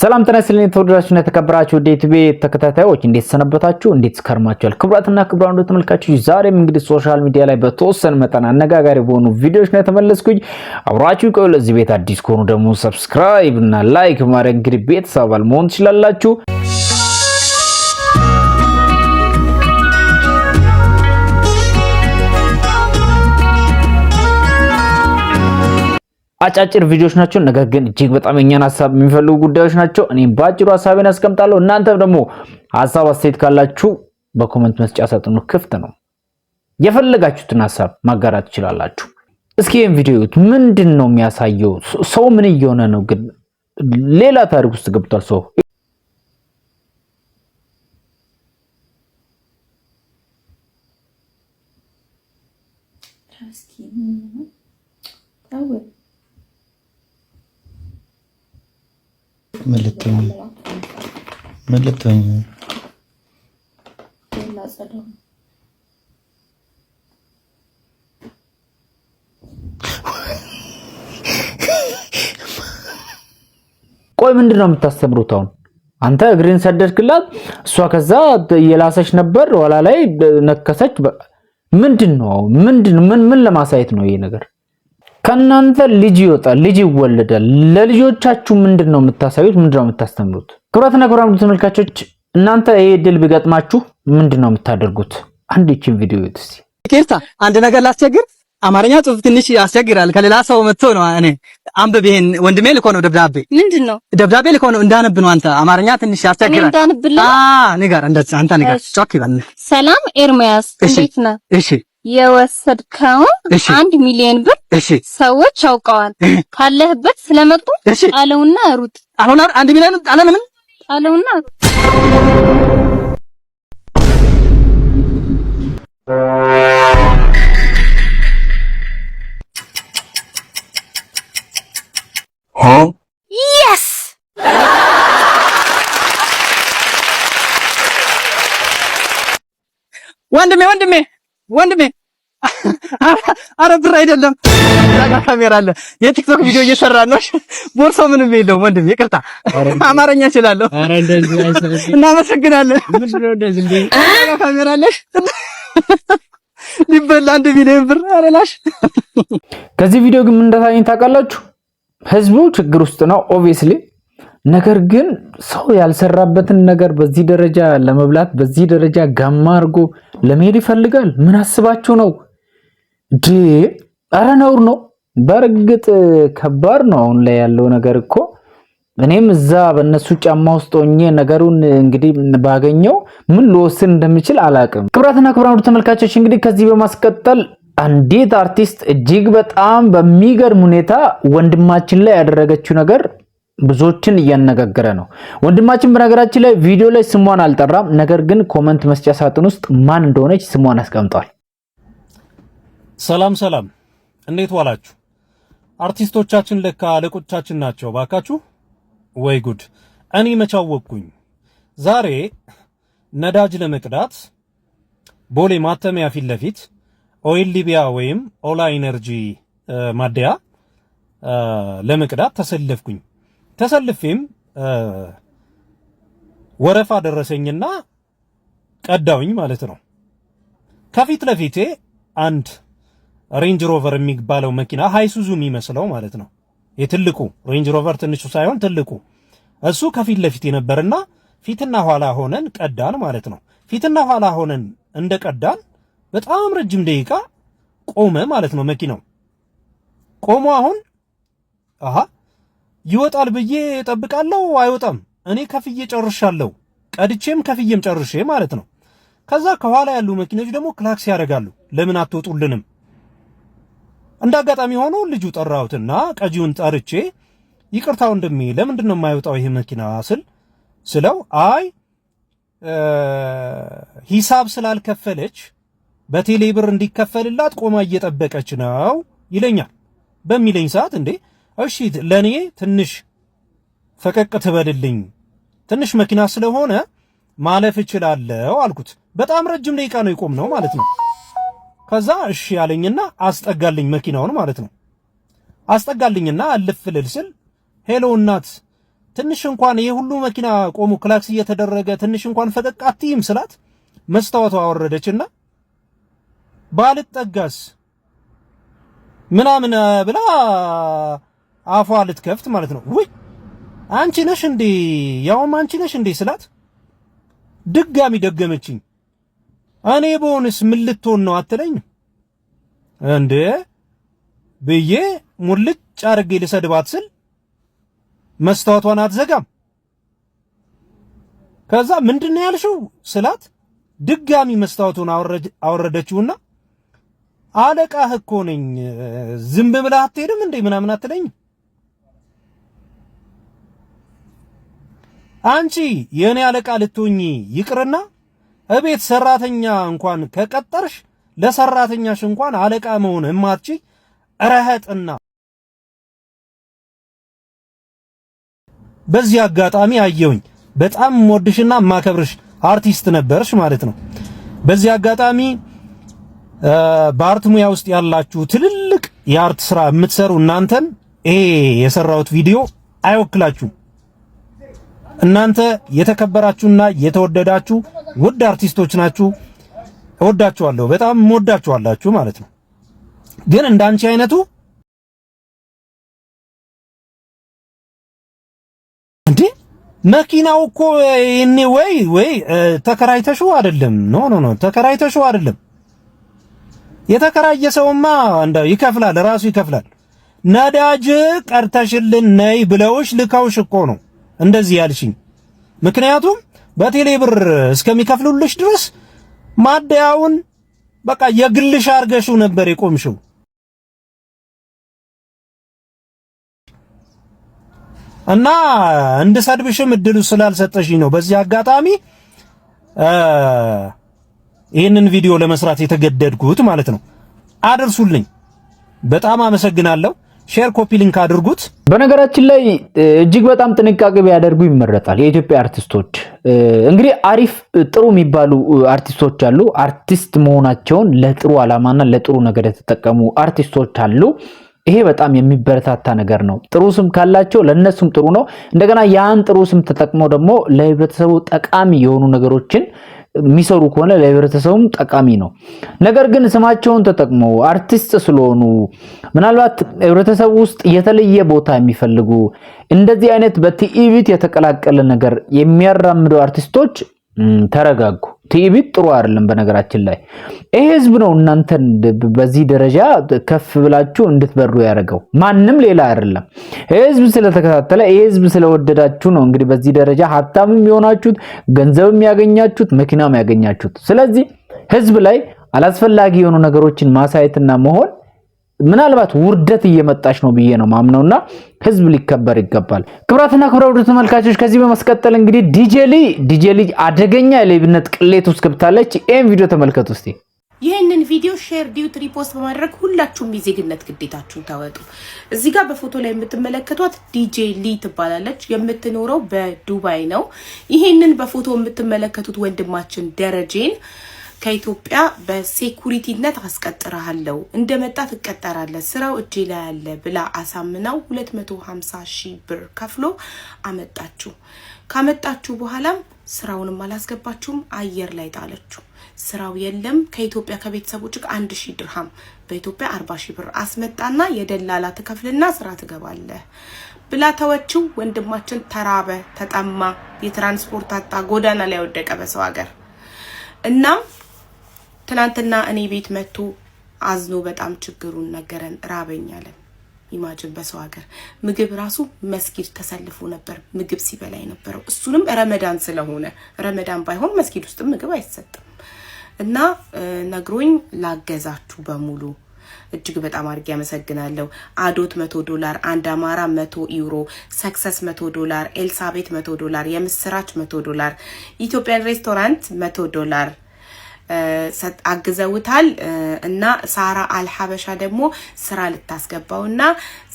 ሰላም ጤና ይስጥልኝ የተወደዳችሁና የተከበራችሁ ወደ ዩቲዩብ ተከታታዮች እንዴት ሰነበታችሁ? እንዴት ከርማችኋል? ክቡራትና ክቡራን ወደ ተመልካችሁ ዛሬም እንግዲህ ሶሻል ሚዲያ ላይ በተወሰነ መጠን አነጋጋሪ በሆኑ ቪዲዮዎች ነው የተመለስኩኝ። አብራችሁ ቆዩ። ለዚህ ቤት አዲስ ከሆኑ ደግሞ ሰብስክራይብ እና ላይክ ማድረግ እንግዲህ ቤተሰብ አባል መሆን ትችላላችሁ። አጫጭር ቪዲዮዎች ናቸው፣ ነገር ግን እጅግ በጣም የኛን ሀሳብ የሚፈልጉ ጉዳዮች ናቸው። እኔም በአጭሩ ሀሳቤን አስቀምጣለሁ። እናንተም ደግሞ ሀሳብ አስተያየት ካላችሁ በኮመንት መስጫ ሳጥኑ ክፍት ነው፣ የፈለጋችሁትን ሀሳብ ማጋራት ትችላላችሁ። እስኪ ይህን ቪዲዮ እዩት። ምንድን ነው የሚያሳየው? ሰው ምን እየሆነ ነው? ግን ሌላ ታሪክ ውስጥ ገብቷል ሰው እስኪ ምን ልትሆኝ ቆይ ምንድን ነው የምታስተምሩት አሁን? አንተ እግሬን ሰደድክላት፣ እሷ ከዛ እየላሰች ነበር፣ ኋላ ላይ ነከሰች። ምንድን ነው አሁን? ምን ምን ለማሳየት ነው ይሄ ነገር? ከእናንተ ልጅ ይወጣል፣ ልጅ ይወለዳል። ለልጆቻችሁ ምንድን ነው የምታሳዩት? ምንድን ነው የምታስተምሩት? ክቡራትና ክቡራን ተመልካቾች እናንተ ይሄ ድል ቢገጥማችሁ ምንድን ነው የምታደርጉት? አንድ ይችን ቪዲዮ ይዩት እስቲ። አንድ ነገር ላስቸግር። አማርኛ ጽሁፍ ትንሽ ያስቸግራል። ከሌላ ሰው መጥቶ ነው እኔ አንብብ ወንድሜ ልኮ ነው ደብዳቤ። ምንድን ነው ደብዳቤ ልኮ ነው እንዳነብ ነው። አንተ አማርኛ ትንሽ ያስቸግራል። ንገር፣ እንደዚያ አንተ ንገር። ጮክ ይበል። ሰላም ኤርሚያስ፣ እንዴት ነህ? እሺ፣ የወሰድከውን አንድ ሚሊዮን ብር ሰዎች አውቀዋል ካለህበት ስለመጡ አለውና ሩጥ አለውና አንድ ሚሊዮን አለ ምን አለውና የስ ወንድሜ ወንድሜ ወንድሜ አረ ብር አይደለም፣ ዛጋ ካሜራ አለ። የቲክቶክ ቪዲዮ እየሰራ ነው። ቦርሶ ምንም የለውም ወንድም፣ ይቅርታ አማርኛ እችላለሁ። አረ እንደዚህ አይሰለም። እናመሰግናለን። ነው እንደዚህ እንዴ? ዛጋ ካሜራ አለ ሊበላ አንድ ሚሊዮን ብር አረላሽ። ከዚህ ቪዲዮ ግን ምን እንደታየኝ ታውቃላችሁ? ህዝቡ ችግር ውስጥ ነው ኦብቪስሊ። ነገር ግን ሰው ያልሰራበትን ነገር በዚህ ደረጃ ለመብላት በዚህ ደረጃ ጋማ አድርጎ ለመሄድ ይፈልጋል። ምን አስባችሁ ነው? ድ ኧረ ነውር ነው። በእርግጥ ከባድ ነው። አሁን ላይ ያለው ነገር እኮ እኔም እዛ በእነሱ ጫማ ውስጥ ሆኜ ነገሩን እንግዲህ ባገኘው ምን ልወስን እንደምችል አላቅም። ክቡራትና ክቡራን ተመልካቾች እንግዲህ ከዚህ በማስቀጠል አንዲት አርቲስት እጅግ በጣም በሚገርም ሁኔታ ወንድማችን ላይ ያደረገችው ነገር ብዙዎችን እያነጋገረ ነው። ወንድማችን በነገራችን ላይ ቪዲዮ ላይ ስሟን አልጠራም፣ ነገር ግን ኮመንት መስጫ ሳጥን ውስጥ ማን እንደሆነች ስሟን አስቀምጧል። ሰላም ሰላም፣ እንዴት ዋላችሁ? አርቲስቶቻችን ለካ አለቆቻችን ናቸው ባካችሁ። ወይ ጉድ! እኔ መቻወቅኩኝ። ዛሬ ነዳጅ ለመቅዳት ቦሌ ማተሚያ ፊት ለፊት ኦይል ሊቢያ ወይም ኦላ ኢነርጂ ማደያ ለመቅዳት ተሰለፍኩኝ። ተሰልፌም ወረፋ ደረሰኝና ቀዳውኝ ማለት ነው። ከፊት ለፊቴ አንድ ሬንጅ ሮቨር የሚባለው መኪና ሃይሱዙ የሚመስለው ማለት ነው። የትልቁ ሬንጅ ሮቨር ትንሹ ሳይሆን ትልቁ እሱ ከፊት ለፊት የነበርና ፊትና ኋላ ሆነን ቀዳን ማለት ነው። ፊትና ኋላ ሆነን እንደ ቀዳን በጣም ረጅም ደቂቃ ቆመ ማለት ነው። መኪናው ቆሞ አሁን አሃ ይወጣል ብዬ ጠብቃለሁ፣ አይወጣም። እኔ ከፍዬ ጨርሻለሁ፣ ቀድቼም ከፍዬም ጨርሼ ማለት ነው። ከዛ ከኋላ ያሉ መኪኖች ደግሞ ክላክስ ያደርጋሉ፣ ለምን አትወጡልንም እንደ አጋጣሚ ሆኖ ልጁ ጠራሁትና ቀጂውን ጠርቼ ይቅርታው ወንድሜ ለምንድን ነው የማይወጣው ይሄ መኪና ስል ስለው አይ ሂሳብ ስላልከፈለች በቴሌ ብር እንዲከፈልላት ቆማ እየጠበቀች ነው ይለኛል። በሚለኝ ሰዓት እንዴ እሺ ለኔ ትንሽ ፈቀቅ ትበልልኝ ትንሽ መኪና ስለሆነ ማለፍ እችላለሁ አልኩት። በጣም ረጅም ደቂቃ ነው የቆም ነው ማለት ነው። ከዛ እሺ ያለኝና አስጠጋልኝ መኪናውን ማለት ነው። አስጠጋልኝና እልፍ ልል ስል ሄሎ እናት ትንሽ እንኳን ይሄ ሁሉ መኪና ቆሙ ክላክስ እየተደረገ ትንሽ እንኳን ፈቀቅ አትይም ስላት መስታወቷ አወረደችና ባልጠጋስ ምናምን ብላ አፏ ልትከፍት ማለት ነው። ውይ አንቺ ነሽ እንዴ? ያውም አንቺ ነሽ እንዴ ስላት ድጋሚ ደገመችኝ። እኔ በሆንስ ምን ልትሆን ነው አትለኝ እንዴ ብዬ ሙልጭ አድርጌ ልሰድባት ስል መስታወቷን አትዘጋም። ከዛ ምንድን ነው ያልሽው ስላት ድጋሚ መስታወቱን አወረደችውና አለቃህ እኮ ነኝ ዝም ብለህ አትሄድም እንዴ ምናምን አትለኝ? አንቺ የእኔ አለቃ ልትሆኚ ይቅርና እቤት ሰራተኛ እንኳን ከቀጠርሽ ለሰራተኛሽ እንኳን አለቃ መሆን እማትች ረህጥና በዚህ አጋጣሚ አየውኝ በጣም ወድሽና ማከብርሽ አርቲስት ነበርሽ ማለት ነው። በዚህ አጋጣሚ በአርት ሙያ ውስጥ ያላችሁ ትልልቅ የአርት ስራ የምትሰሩ እናንተን ይሄ የሰራሁት ቪዲዮ አይወክላችሁም። እናንተ የተከበራችሁና የተወደዳችሁ ውድ አርቲስቶች ናችሁ። እወዳችኋለሁ፣ በጣም እወዳችኋላችሁ ማለት ነው። ግን እንዳንቺ አይነቱ እንዴ መኪናው እኮ እኔ ወይ ወይ ተከራይተሽው አይደለም። ኖ ኖ ኖ ተከራይተሽው አይደለም። የተከራየ ሰውማ እንደው ይከፍላል፣ ራሱ ይከፍላል። ነዳጅ ቀርተሽልን ነይ ብለውሽ ልከውሽ እኮ ነው እንደዚህ ያልሽኝ ምክንያቱም በቴሌ ብር እስከሚከፍሉልሽ ድረስ ማደያውን በቃ የግልሽ አርገሽው ነበር የቆምሽው። እና እንድሰድብሽም እድሉ ስላልሰጠሽኝ ነው። በዚህ አጋጣሚ ይህንን ቪዲዮ ለመስራት የተገደድኩት ማለት ነው። አድርሱልኝ። በጣም አመሰግናለሁ። ሼር ኮፒ ሊንክ አድርጉት። በነገራችን ላይ እጅግ በጣም ጥንቃቄ ቢያደርጉ ይመረጣል። የኢትዮጵያ አርቲስቶች እንግዲህ አሪፍ ጥሩ የሚባሉ አርቲስቶች አሉ። አርቲስት መሆናቸውን ለጥሩ ዓላማና ለጥሩ ነገር የተጠቀሙ አርቲስቶች አሉ። ይሄ በጣም የሚበረታታ ነገር ነው። ጥሩ ስም ካላቸው ለእነሱም ጥሩ ነው። እንደገና ያን ጥሩ ስም ተጠቅመው ደግሞ ለህብረተሰቡ ጠቃሚ የሆኑ ነገሮችን የሚሰሩ ከሆነ ለህብረተሰቡም ጠቃሚ ነው። ነገር ግን ስማቸውን ተጠቅመው አርቲስት ስለሆኑ ምናልባት ህብረተሰቡ ውስጥ የተለየ ቦታ የሚፈልጉ እንደዚህ አይነት በትዕቢት የተቀላቀለ ነገር የሚያራምዱ አርቲስቶች ተረጋጉ። ትዕቢት ጥሩ አይደለም። በነገራችን ላይ ይሄ ህዝብ ነው እናንተን በዚህ ደረጃ ከፍ ብላችሁ እንድትበሩ ያደርገው ማንም ሌላ አይደለም። ይሄ ህዝብ ስለተከታተለ፣ ይሄ ህዝብ ስለወደዳችሁ ነው እንግዲህ በዚህ ደረጃ ሀብታምም የሆናችሁት፣ ገንዘብም ያገኛችሁት፣ መኪናም ያገኛችሁት። ስለዚህ ህዝብ ላይ አላስፈላጊ የሆኑ ነገሮችን ማሳየትና መሆን ምናልባት ውርደት እየመጣች ነው ብዬ ነው ማምነውና ህዝብ ሊከበር ይገባል። ክብራትና ክብረ ውድ ተመልካቾች ከዚህ በመስቀጠል እንግዲህ ዲጄሊ ዲጄሊ አደገኛ የሌብነት ቅሌት ውስጥ ገብታለች። ይህን ቪዲዮ ተመልከቱ እስቲ። ይህንን ቪዲዮ ሼር ዲዩት ሪፖስት በማድረግ ሁላችሁም የዜግነት ግዴታችሁን ተወጡ። እዚህ ጋር በፎቶ ላይ የምትመለከቷት ዲጄ ሊ ትባላለች። የምትኖረው በዱባይ ነው። ይህንን በፎቶ የምትመለከቱት ወንድማችን ደረጄን ከኢትዮጵያ በሴኩሪቲነት አስቀጥረሃለው እንደመጣ ትቀጠራለ ስራው እጄ ላይ ያለ ብላ አሳምናው 250 ሺህ ብር ከፍሎ አመጣችሁ። ካመጣችሁ በኋላም ስራውንም አላስገባችሁም፣ አየር ላይ ጣለችው። ስራው የለም። ከኢትዮጵያ ከቤተሰቦች ጋር አንድ ሺህ ድርሃም በኢትዮጵያ አርባ ሺህ ብር አስመጣና የደላላ ትከፍልና ስራ ትገባለህ ብላ ተወችው። ወንድማችን ተራበ፣ ተጠማ፣ የትራንስፖርት አጣ፣ ጎዳና ላይ ወደቀ በሰው ሀገር እናም ትናንትና እኔ ቤት መጥቶ አዝኖ በጣም ችግሩን ነገረን። ራበኝ አለን። ኢማጅን በሰው ሀገር ምግብ ራሱ መስጊድ ተሰልፎ ነበር ምግብ ሲበላ የነበረው እሱንም ረመዳን ስለሆነ ረመዳን ባይሆን መስጊድ ውስጥም ምግብ አይሰጥም። እና ነግሮኝ ላገዛችሁ በሙሉ እጅግ በጣም አድርጌ ያመሰግናለሁ። አዶት መቶ ዶላር፣ አንድ አማራ መቶ ዩሮ፣ ሰክሰስ መቶ ዶላር፣ ኤልሳቤት መቶ ዶላር፣ የምስራች መቶ ዶላር፣ ኢትዮጵያን ሬስቶራንት መቶ ዶላር አግዘውታል እና ሳራ አልሀበሻ ደግሞ ስራ ልታስገባው እና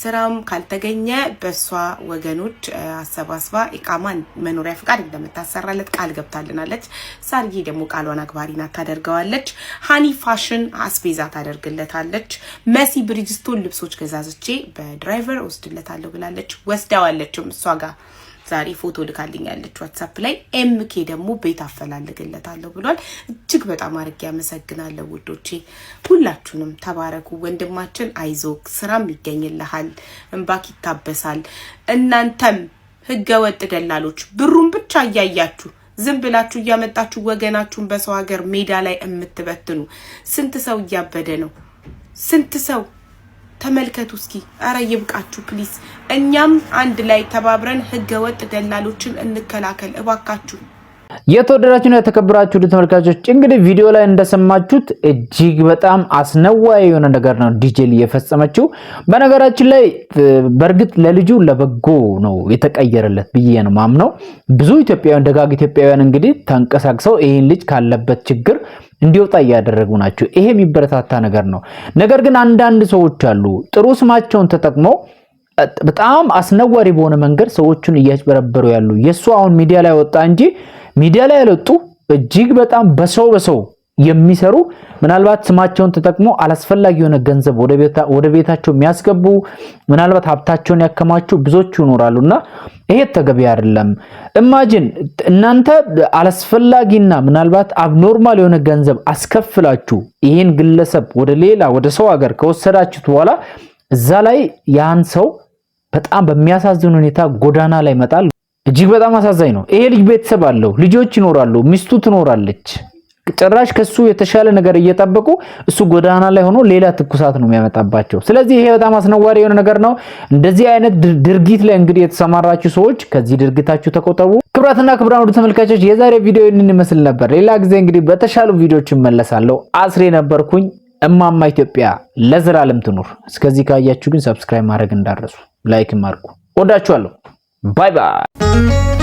ስራም ካልተገኘ በእሷ ወገኖች አሰባስባ ኢቃማ መኖሪያ ፍቃድ እንደምታሰራለት ቃል ገብታልናለች። ሳርዬ ደግሞ ቃሏን አግባሪና ታደርገዋለች። ሀኒ ፋሽን አስቤዛ ታደርግለታለች። መሲ ብሪጅስቶን ልብሶች ገዛዝቼ በድራይቨር ወስድለታለሁ ብላለች። ወስዳዋለችም እሷ ጋር ዛሬ ፎቶ ልካልኛለች ዋትሳፕ ላይ። ኤምኬ ደግሞ ቤት አፈላልግለታለሁ ብሏል። እጅግ በጣም አድርጌ ያመሰግናለሁ ውዶቼ፣ ሁላችሁንም ተባረኩ። ወንድማችን አይዞክ፣ ስራም ይገኝልሃል፣ እንባክ ይታበሳል። እናንተም ህገ ወጥ ደላሎች ብሩን ብቻ እያያችሁ ዝም ብላችሁ እያመጣችሁ ወገናችሁን በሰው ሀገር ሜዳ ላይ የምትበትኑ ስንት ሰው እያበደ ነው? ስንት ሰው ተመልከቱ እስኪ። አረ ይብቃችሁ ፕሊስ። እኛም አንድ ላይ ተባብረን ህገ ወጥ ደላሎችን እንከላከል እባካችሁ። የተወደዳችሁና የተከበራችሁ ውድ ተመልካቾች እንግዲህ ቪዲዮ ላይ እንደሰማችሁት እጅግ በጣም አስነዋይ የሆነ ነገር ነው ዲጄል እየፈጸመችው። በነገራችን ላይ በእርግጥ ለልጁ ለበጎ ነው የተቀየረለት ብዬ ነው ማምነው። ብዙ ኢትዮጵያውያን ደጋግ ኢትዮጵያውያን እንግዲህ ተንቀሳቅሰው ይህን ልጅ ካለበት ችግር እንዲወጣ እያደረጉ ናቸው። ይሄ የሚበረታታ ነገር ነው። ነገር ግን አንዳንድ ሰዎች አሉ ጥሩ ስማቸውን ተጠቅመው በጣም አስነዋሪ በሆነ መንገድ ሰዎቹን እያጭበረበሩ ያሉ የእሱ አሁን ሚዲያ ላይ ወጣ እንጂ ሚዲያ ላይ ያልወጡ እጅግ በጣም በሰው በሰው የሚሰሩ ምናልባት ስማቸውን ተጠቅሞ አላስፈላጊ የሆነ ገንዘብ ወደ ቤታቸው የሚያስገቡ ምናልባት ሀብታቸውን ያከማቹ ብዙዎቹ ይኖራሉ እና ይሄ ተገቢ አይደለም። እማጅን እናንተ አላስፈላጊና ምናልባት አብኖርማል የሆነ ገንዘብ አስከፍላችሁ ይህን ግለሰብ ወደ ሌላ ወደ ሰው ሀገር ከወሰዳችሁት በኋላ እዛ ላይ ያን ሰው በጣም በሚያሳዝን ሁኔታ ጎዳና ላይ ይመጣል። እጅግ በጣም አሳዛኝ ነው። ይሄ ልጅ ቤተሰብ አለው፣ ልጆች ይኖራሉ፣ ሚስቱ ትኖራለች። ጭራሽ ከሱ የተሻለ ነገር እየጠበቁ እሱ ጎዳና ላይ ሆኖ ሌላ ትኩሳት ነው የሚያመጣባቸው። ስለዚህ ይሄ በጣም አስነዋሪ የሆነ ነገር ነው። እንደዚህ አይነት ድርጊት ላይ እንግዲህ የተሰማራችሁ ሰዎች ከዚህ ድርጊታችሁ ተቆጠቡ። ክብራትና ክብራን ወደ ተመልካቾች የዛሬ ቪዲዮ ይህንን ይመስል ነበር። ሌላ ጊዜ እንግዲህ በተሻሉ ቪዲዮዎች እመለሳለሁ። አስሬ ነበርኩኝ። እማማ ኢትዮጵያ ለዘላለም ትኑር። እስከዚህ ካያችሁ ግን ሰብስክራይብ ማድረግ እንዳረሱ፣ ላይክም አድርጉ። ወዳችኋለሁ። Bye bye.